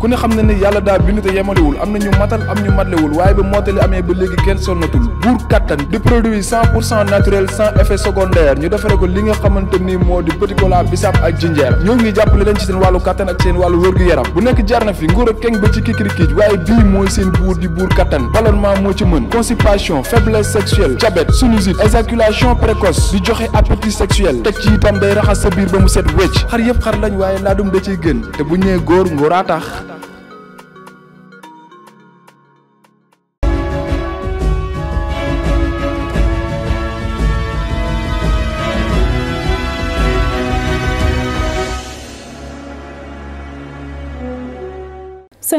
ku ne xam na ni yàlla daa bind te yemalewul am na ñu matal am ñu matlewul waaye ba mottali amee ba léegi kenn sonnatul buur kattan di produit cent pour cent naturel sans effet secondaire ñu defare ko li nga xamante ni moo di petit cola bisaab ak jinjeer ñoo ngi jàppale leen ci seen wàllu kattan ak seen wàllu wér-gu-yaram bu nekk jar na fi nguur ak keng ba ci kikirikiij waaye bii mooy seen buur di buur kattan ballonnement moo ci mën constipation précoce di joxe appétit sexuel teg ci itam day sa biir ba mu set wecc xar yëpp xar lañ waaye laa dum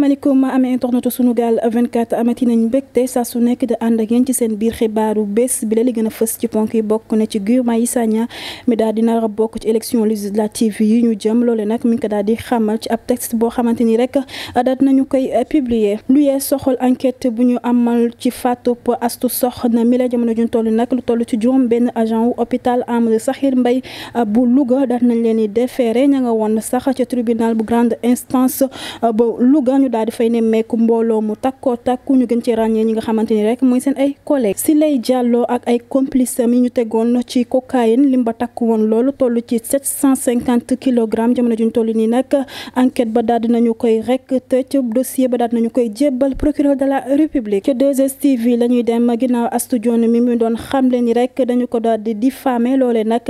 asalaamaaleykum amee internet Sunugal 24 amati nañ mbégte saa su nekk di ànd ak yéen ci seen biir xibaaru bés bi la li gën a fës ci ponk yi bokk na ci Guy Marius Sagna mi daal di nar bokk ci élection législative yi ñu jëm loole nag mi ngi ko daal di xamal ci ab texte boo xamante ni rek daat nañu koy eh, publier lu yee soxal enquête bu ñu amal ci faatub Astu sox na mi la jamono juñ toll nag lu toll ci juróom benn agent wu hôpital Amadou Sakhir Mbaye eh, bu luga daat nañ leen di déféré ña nga woon sax ca tribunal bu grande instance eh, daal di fay nemmeeku mbooloo mu takkoo takku ñu gën ci ràññee ñi nga xamante rek mooy seen ay collègues si lay jàlloo ak ay complices yi ñu tegoon ci cocaïne lim ba takku woon loolu toll ci 750 kilogrammes jamono juñ toll nii nag enquête ba daal nañu koy rek tëj dossier ba daal nañu koy jébbal procureur de la république ci 2STV la ñuy dem ginnaaw Astou Dione mi mu doon xamle ni rek dañu ko daal di diffamé loolee nag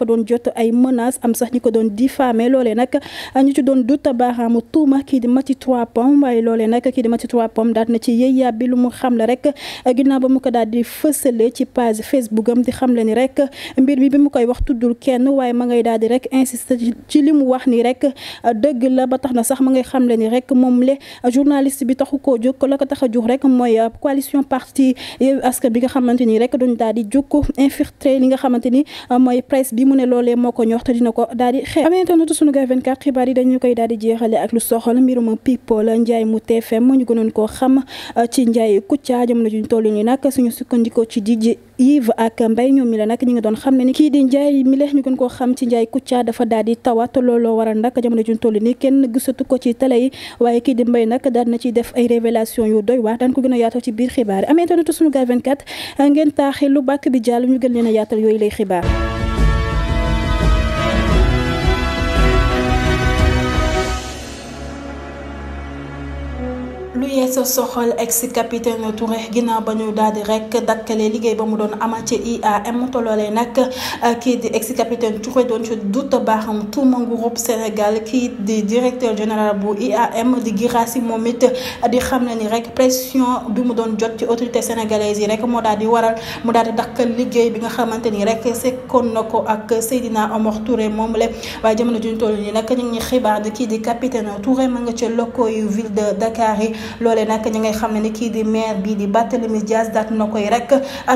mu doon jot ay menaces am sax ñi ko doon diffamé loolee nag ñu ci kii di Maty Trois Pommes waaye loolee nag kii di Maty Trois Pommes daal na ci yéy lu mu xam la rek ginnaaw ba mu ko daal di fësale ci page Facebook am di xam le ni rek mbir mi bi mu koy wax tuddul kenn waaye ma ngay daal rek insister ci li mu wax ni rek dëgg la ba tax na sax ma ngay xam le ni rek moom le journaliste bi taxu koo jóg la ko tax a jóg rek mooy euh, coalition parti askan bi nga xamante ni rek doon daal ne loolee moo ko ñor te dina ko daal di xeex amee internet Sunugal 24 xibaar yi dañu koy daal di jeexale ak lu soxal mbirum people njaay mu TFM mu ñu gënoon koo xam uh, ci njaay Kouthia ci DJ Yves ak ñoom mi la nag ñi doon xam ne ni kii di njaay mi la ñu gën koo xam ci njaay Kouthia dafa daal di tawat looloo waral nag jamono juñ toll nii kenn gisatu ko ci télé yi waaye kii di Mbaye nag daal na ci def ay révélation yu doy waar daan ko gën a yaatoo ci biir xibaar yi amee internet Sunugal 24 uh, ngeen taaxi lu bàkk bi jàll ñu gën leen a yaatal yooyu lay xibaar yeesa soxal ex capitaine Touré ginnaaw ba ñu daal rek dakkale liggéey ba mu doon amal ci IAM tolloole nag euh, kii di ex capitaine Touré doon ci dut baaxam tuuma groupe Sénégal kii di directeur général bu IAM di Girassi moom it di xam ne ni rek pression bi mu doon jot ci autorité sénégalaise yi rek moo daal di waral mu daal di dakkal liggéey bi nga xamante ni rek sekkoon na ko ak Seydina Omar Touré moom la waaye jamono juñ toll nii nag ñu ngi xibaar di kii di capitaine Touré ma nga ca locaux yu ville de Dakar yi loole nag ñi ngay xam ne ni kii di maire bii di Barthélémy Dias daat na koy rek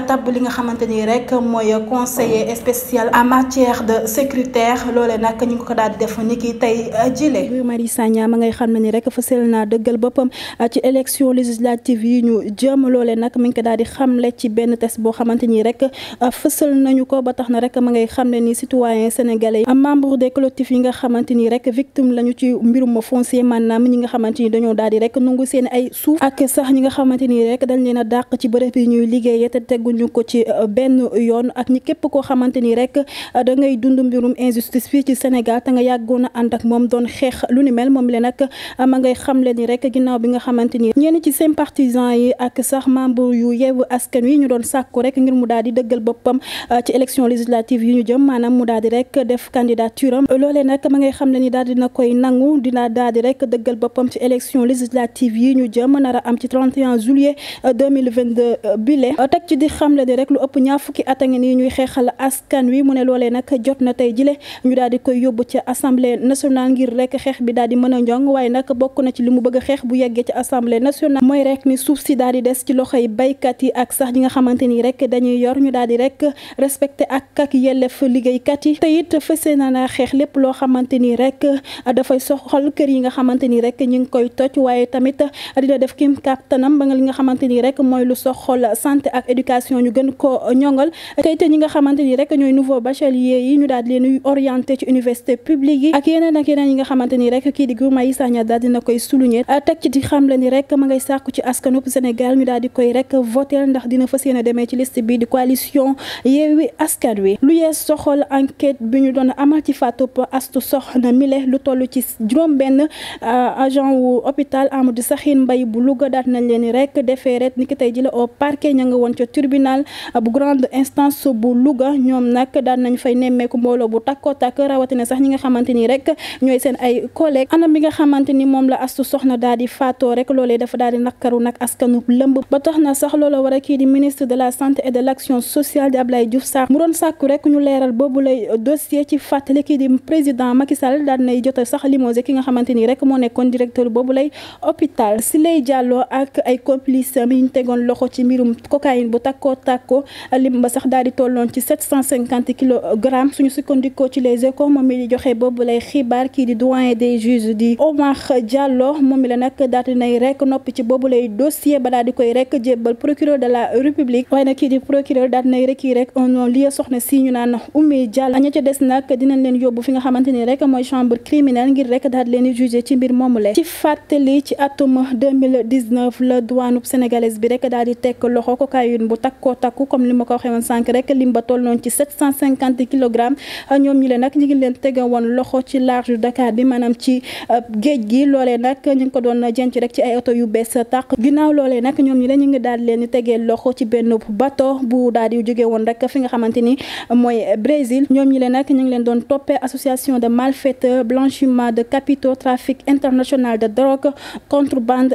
tabb li nga xamante nii rek mooy conseiller spécial en matière de sécuritaire loolee nag ñu ko daal di def ni ki tey euh, jile. Guy Marius Sagna ma ngay xam ne nii rek fësal naa dëggal boppam euh, ci élection législative ñu jëm nag mi ngi ko daal di xamle ci benn test boo xamante ni rek euh, fësal nañu ko ba tax na rek ma ngay xam ne ni citoyen sénégalais yi membre des collectifs yi nga xamante ni rek victime lañu ci mbirum foncier maanaam ñu nga xamante ni dañoo daal di rek nangu seen ay suuf ak sax ñi nga xamante nii rek dañ leen a dàq ci bërëb yi ñuy liggéeyee te tegu ñu ko ci euh, benn yoon ak ñi képp koo xamante nii rek euh, da ngay dund mbirum injustice fii ci Sénégal te nga yàggoon a ànd ak moom doon xeex lu ni mel moom le nag euh, ma ngay xamle ni rek ginnaaw bi nga xamante ni ñenn ci sympathisants yi ak sax membre yu yeewu askan wi ñu doon sàkku rek ngir mu daal di dëggal boppam ci élection législative yi ñu jëm maanaam mu daal di rek def candidature am loolee nag ma ngay xamle ni daal dina koy nangu dina daal rek dëggal boppam ci élection ñu jëm a am ci 31 a 2022 bile euh, teg ci di xamle ni rek lu ëpp ñaar fukki at a ngi nii ñuy xeexal askan wi mu ne loolee nag jot na tey jile ñu daal koy yóbbu ci assemblée nationale ngir rek xeex bi daal di a njong waaye nag bokk na ci li mu bëgg a xeex bu yeggee ci assemblée nationale mooy rek ni suuf si daal di des ci loxoy baykat yi ak sax ñi nga xamante ni rek dañuy yor ñu daal rek respecté ak ak yelleef liggéeykat yi te it fësee na xeex lépp loo xamante dina def kim kàttanam ba nga li nga xamante ni rek mooy lu soxol santé ak éducation ñu gën ko ñongal tey te ñi nga xamante ni rek ñooy nouveau bachelier yi ñu daal di leen orienté ci université publique yi ak yeneen ak yeneen yi nga xamante ni rek kii di Guy Marius Sagna daal dina koy souligner teg ci di xam le ni rek ma ngay sàkku ci askanub Sénégal ñu daal di koy rek voter ndax dina fas yéene demee ci liste bi di coalition Yewwi Askan Wi lu yees soxol enquête bi ñu doon amal ci fatub astu soxna mile lu toll ci juróom benn euh, agent wu hôpital Amadou Sakhine Mbaye bu Louga daat nañ leen rek déféré niki tey ji la au parquet ña nga woon ca tribunal bu grande instance bu Louga ñoom nag daan nañ fay nemmeeku mbooloo bu takko takk rawatina sax ñi nga xamante ni rek ñooy seen ay collègues anam bi nga xamante ni moom la astu soxna daal di faatoo rek loolee dafa daal di nakkaru nag askanu lëmb ba tax na sax loola war a kii di ministre de la santé et l'action sociale di Abdoulaye Diouf Sarr mu doon sàkku rek ñu leeral boobu lay dossier ci fàttali kii di président Macky Sall daal jot sax limogé ki nga xamante ni rek moo nekkoon directeur boobu lay hôpital Sileye Diallo ak ay complice am yi ñu tegoon loxo ci mbirum cocaïne bu takkoo takko lim ba sax daal di tolloon ci kilo kilogrammes suñu sukkandikoo ci les échos moom mi di joxe boobu lay xibaar kii di doyen des di Omar Diallo moom mi la nag daal di nay rek noppi ci boobu lay dossier ba daal di koy rek jébbal procureur de la république waaye nag kii di procureur daal di nay rek kii rek non liy soxna si ñu naan Oumy Diallo ña ca des nag dinañ leen yóbbu fi nga xamante ni rek mooy chambre criminelle ngir rek daal di leen di jugé ci mbir moomu 2019 la douaneub sénégalaise bi rek daal di tekk loxo cocaïne bu takkoo takku comme li ma ko waxee woon sànq rek lim ba toll ci kilogrammes ñoom ñi leen nag ñu ngi leen tege woon loxo ci large Dakar bi maanaam ci euh, géej gi loolee nag ñu ngi ko doon jenc rek ci ay oto yu bees tàq ginnaaw loolee nag ñoom ñi leen ñu ngi daal leen di tegee loxo ci benn bateau bu daal di jóge woon rek fi nga xamante ni mooy Brésil ñoom ñi leen nag ñu ngi leen doon toppee association de malfaiteurs blanchiment de capitaux trafic international de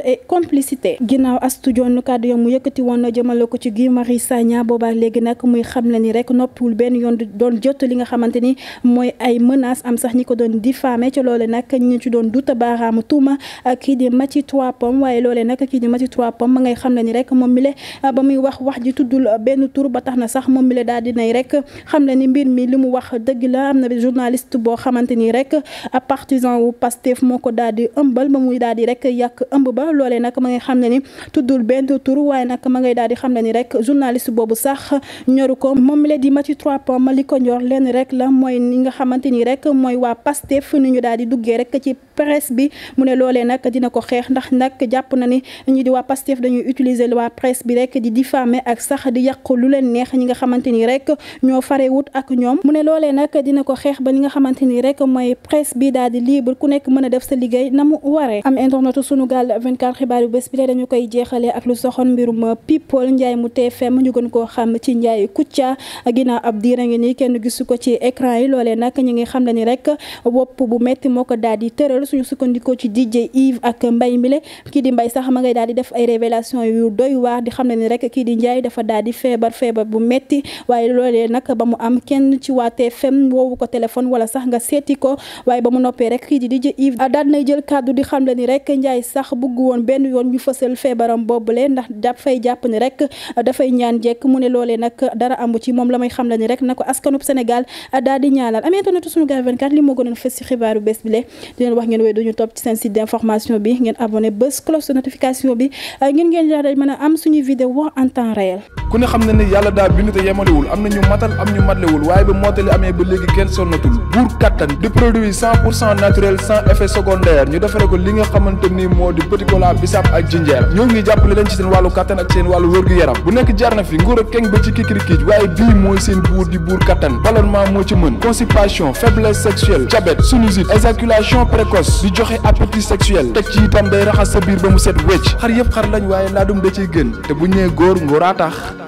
entente et complicité ginnaaw astu jonn kàddu ya mu yëkkati woon na jëmale ko ci Guy Marius Sagna boobaa léegi nag muy xam le ni rek noppiwul benn yoon doon jot li nga xamante ni mooy ay menaces am sax ñi ko doon di diffamé ci loole nag ñu ci doon duta baaraamu tuuma kii di Maty Trois Pommes waaye loole nag kii di Maty Trois Pommes ma ngay xam le rek moom mi le ah, ba wax wax ji tuddul benn tur ba tax na sax moom mi le daal dinay rek xam le ni mbir mi li mu wax dëgg la am na journaliste boo xamante ni rek ah, partisan wu Pastef moo ko daal di ëmbal ba muy daal di rek yàq ba loolee nag ma ngay xam ne ni tuddul benn tur waaye nag ma ngay daal di xam ne ni rek journaliste boobu sax ñoru ko moom mi la ma Maty trois pommes ma li ko ñor leen rek la mooy ni nga xamante ni rek mooy waa Pastef ni ñu daal di duggee rek ci presse bi mu ne loolee nag dina ko xeex ndax nag jàpp na ni ñu di waa Pastef dañuy utiliser waa presse bi rek di diffamer ak sax di yàq lu leen neex ñi nga xamante ni rek ñoo farewut ak ñoom mu ne loolee nag dina ko xeex ba li nga xamante ni rek mooy presse bi daal di libre ku nekk mën a def sa liggéey na mu 24 xibaar yu bés bi dañu koy jeexalee ak lu soxon mbirum uh, people Ndiaye mu TFM ñu gën koo a ngi nii kenn gisu ko ci écran yi loolee nag ñu ngi xam ne ni rek wopp bu metti moo ko daal di tëral suñu sukkandikoo ci DJ Yves ak Mbaye Mbile kii di mbay sax ma ngay daal di def ay révélation yu doy waar di xam ne ni rek kii di njaay dafa daal di feebar feebar bu metti waaye loolee nag ba mu am kenn ci waa TFM woowu ko téléphone wala sax nga seeti ko waaye ba mu noppee rek kii di DJ Yves daal nay jël kàddu di xam ne ni rek Ndiaye sax bugg bëgg woon benn yoon ñu fësal feebaram boobule ndax dafay jàpp ni rek dafay ñaan jekk mu ne loolee nag dara amu ci moom la may xam la ni rek na ko askanub Sénégal daal di ñaanal am internet Sunugal wax ngeen a ku ne xam na ni yàlla daa bind te yemalewul am na ñu matal am ñu matlewul waaye ba mottali amee ba léegi kenn sonnatul buur kattan di produit cent pour cent naturel sans effet secondaire ñu defare ko li nga xamante ni moo di petit Nicolas bisap ak jinjeer ñoo ngi jàppale leen ci seen wàllu kattan ak seen wàllu wér-gu-yaram bu nekk jar na fi nguur ak keng ba ci kikirikiij waaye bii mooy seen buur di buur kattan ballonnement moo ci mën constipation faiblesse sexuelle diabète sinusite éjaculation précoce di joxe appétit sexuel teg ci itam day raxas sa biir ba mu set wecc xar yëpp xar lañ waaye laa dum da ciy gën te bu ñëwee góor ngóoraa tax